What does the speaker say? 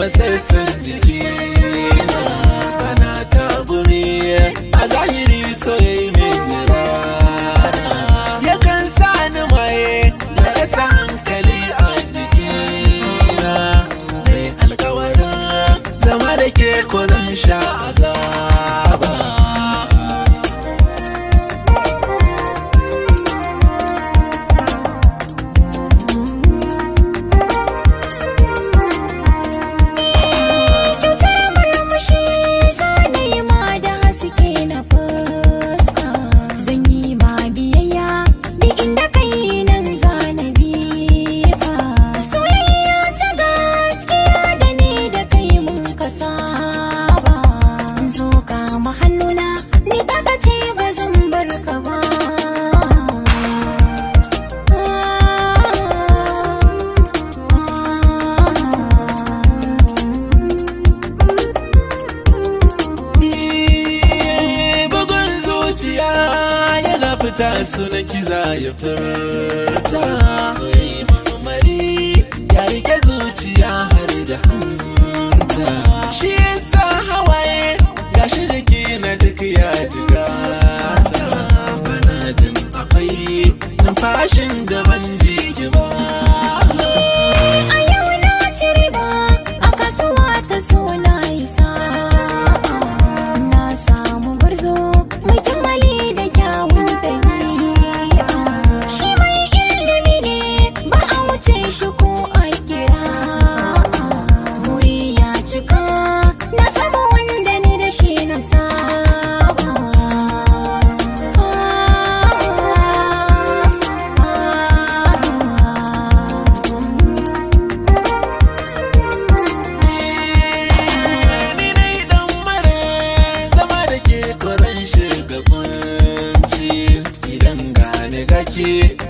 masassan jiki na ta gumi a zahiri soyayya min rana yakan sa ni maye da rasa hankali a jikina mai alkawarin zama da ke ko zan sha furta su na kiza ya furta Gucci.